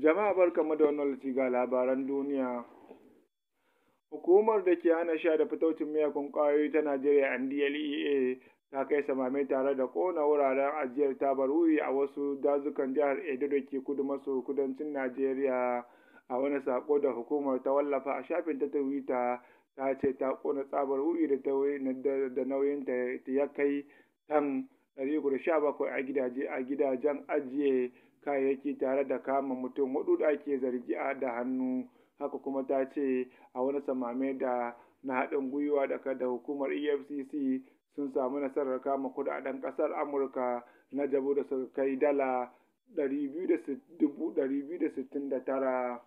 Jama'a barkanmu da wannan lokaci ga labaran duniya. Hukumar da ke hana sha da fitaucin miyakun kwayoyi ta Najeriya NDLEA ta kai samame tare da ƙona wuraren ajiyar tabar wuyi a wasu dazukan jihar Edo da ke kudu maso kudancin Najeriya a wani sako da hukumar ta wallafa a shafin ta Twitter ta ce ta ƙona tsabar wuyi da ta ya kai tan 117 a gidajen ajiye kayayyaki tare da kama mutum hudu da ake zargi a da hannu haka kuma ta ce a wani samame da na haɗin gwiwa daga da hukumar efcc sun samu nasarar kama kudaden ƙasar amurka na jabo da suka kai dala 269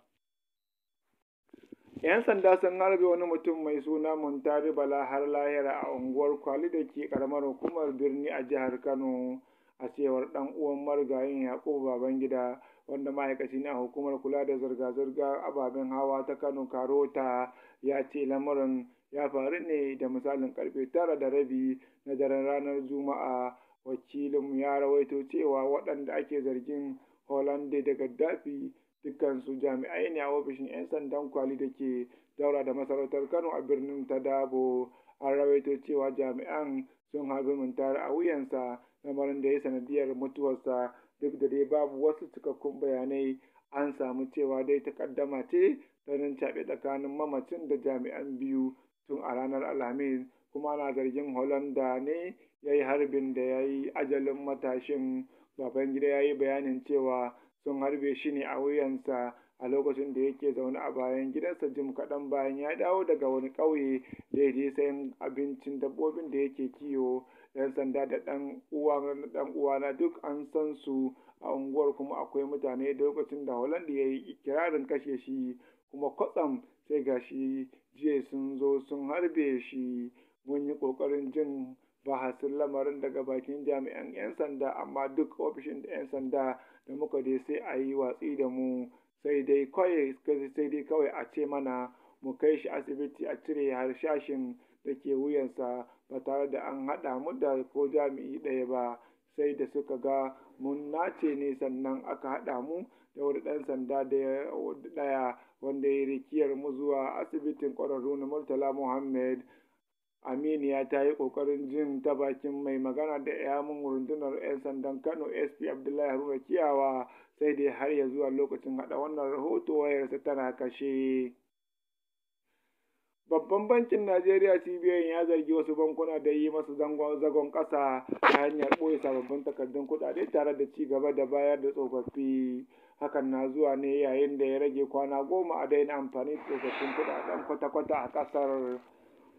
'yan sanda sun harbe wani mutum mai suna muntari bala har lahira a unguwar kwali da ke karamar hukumar birni a jihar kano a cewar dan uwan marigayin yakubu babangida wanda ma'aikaci ne a hukumar kula da zirga-zirga ababen hawa ta kano karota ya ce lamarin ya faru ne da misalin karfe tara da rabi na daren ranar juma'a wakilin ya rawaito cewa waɗanda ake zargin hollande da gaddafi dukkansu jami'ai ne a ofishin 'yan sandan kwali da ke daura da masarautar kano a birnin ta dabo an rawaito cewa jami'an sun harbi muntar a wuyansa lamarin da ya sanadiyar mutuwarsa duk da dai babu wasu cikakkun bayanai an samu cewa dai takaddama ce tsanin caɓe tsakanin mamacin da jami'an biyu tun a ranar alhamis kuma ana zargin holanda ne ya yi harbin da ya yi ajalin matashin babangida ya yi bayanin cewa sun harbe shi ne a wuyansa a lokacin da yake zaune a bayan gidansa jim kaɗan bayan ya dawo daga wani ƙauye da ya je sayan abincin dabbobin da yake kiwo yan sanda da ɗan uwana duk an san su a unguwar kuma akwai mutane da lokacin da Holland ya yi ikirarin kashe shi kuma kwatsam sai gashi jiya sun zo sun harbe shi mun yi ƙoƙarin jin bahasin lamarin daga bakin jami'an 'yan sanda amma duk ofishin da 'yan sanda da muka je sai a yi watsi da mu sai dai kawai sai dai kawai a ce mana mu kai shi asibiti a cire harshashin da ke wuyansa ba tare da an haɗa mu da ko jami'i ɗaya ba sai da suka ga mun nace ne sannan aka haɗa mu da wani ɗan sanda ɗaya wanda ya rikiyar mu zuwa asibitin ƙwararru na Murtala Muhammad Aminiya ta yi kokarin jin ta bakin mai magana da ya mun rundunar 'yan sandan Kano SP Abdullahi Haruna Kiyawa sai dai har ya zuwa lokacin haɗa wannan rahoto wayarsa tana kashe. Babban bankin Najeriya CBN ya zargi wasu bankuna da yi masu zagon ƙasa ta hanyar ɓoye sababbin takardun kuɗaɗe tare da ci gaba da bayar da tsofaffi. Hakan na zuwa ne yayin da ya rage kwana goma a daina amfani da tsofaffin kuɗaɗen kwata-kwata a ƙasar.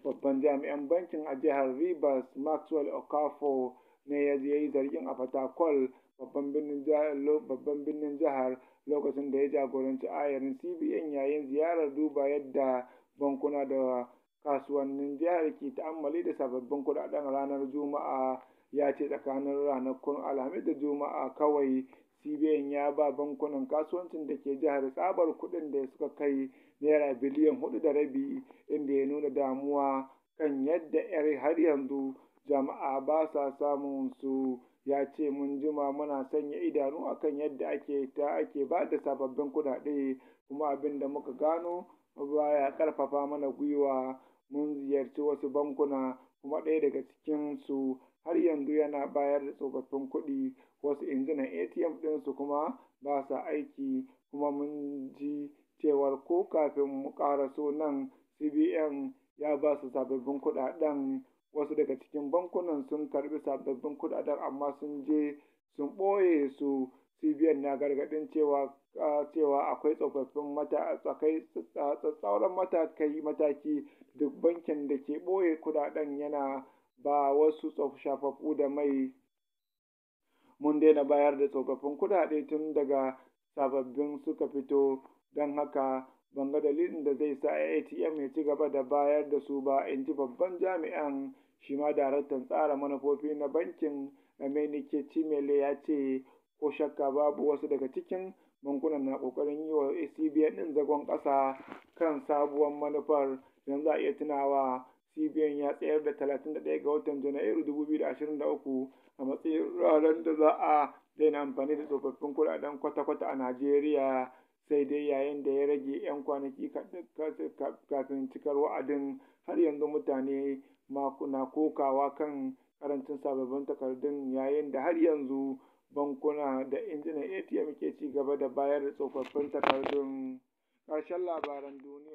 babban jami'an bankin a jihar rivers maxwell okafor ne ya yi zargin a fatakol babban birnin jihar lokacin da ya jagoranci ayarin cbn yayin ziyarar duba yadda bankuna da kasuwannin jihar ke ta'ammali da sababbin kudaden ranar juma'a ya ce tsakanin ranakun alhamis da juma'a kawai cbn ya ba bankunan kasuwancin da ke jihar tsabar kuɗin da suka kai naira biliyan hudu da rabi inda ya nuna damuwa kan yadda yar har yanzu jama'a ba sa samun su ya ce mun jima muna sanya idanu akan yadda ake ta ake ba da sababbin kuɗaɗe kuma abin da muka gano baya karfafa mana gwiwa mun ziyarci wasu bankuna kuma ɗaya daga cikin su har yanzu yana bayar da tsofaffin kuɗi wasu injinan ATM su kuma ba sa aiki kuma mun ji cewa ko kafin mu ƙara nan CBN ya ba su sababbin kuɗaɗen wasu daga cikin bankunan sun karbi sababbin kuɗaɗen amma sun je sun ɓoye su CBN na gargaɗin cewa cewa akwai tsofaffin matakai mataki duk bankin da ke ɓoye kuɗaɗen yana ba wasu shafaffu da mai mun daina bayar da tsofaffin kuɗaɗe tun daga sababbin suka fito don haka ban ga dalilin da zai sa atm ya ci gaba da bayar da su ba in ji babban jami'an shi ma daraktan tsara manufofi na bankin Amenike Cimele ya ce ko shakka babu wasu daga cikin bankunan na kokarin yi wa acbn din zagon kasa kan sabuwar manufar don za a iya tunawa cbn ya tsayar da 31 ga watan janairu 2023 a matsayin ranar da za a daina amfani da tsofaffin kuɗaɗen kwata-kwata a najeriya sai dai yayin da ya rage 'yan kwanaki kafin cikar wa'adin har yanzu mutane na kokawa kan karancin sababbin takardun yayin da har yanzu bankuna da injinan atm ke ci gaba da bayar da tsofaffin takardun ƙarshen labaran duniya